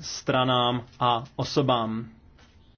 stranám a osobám.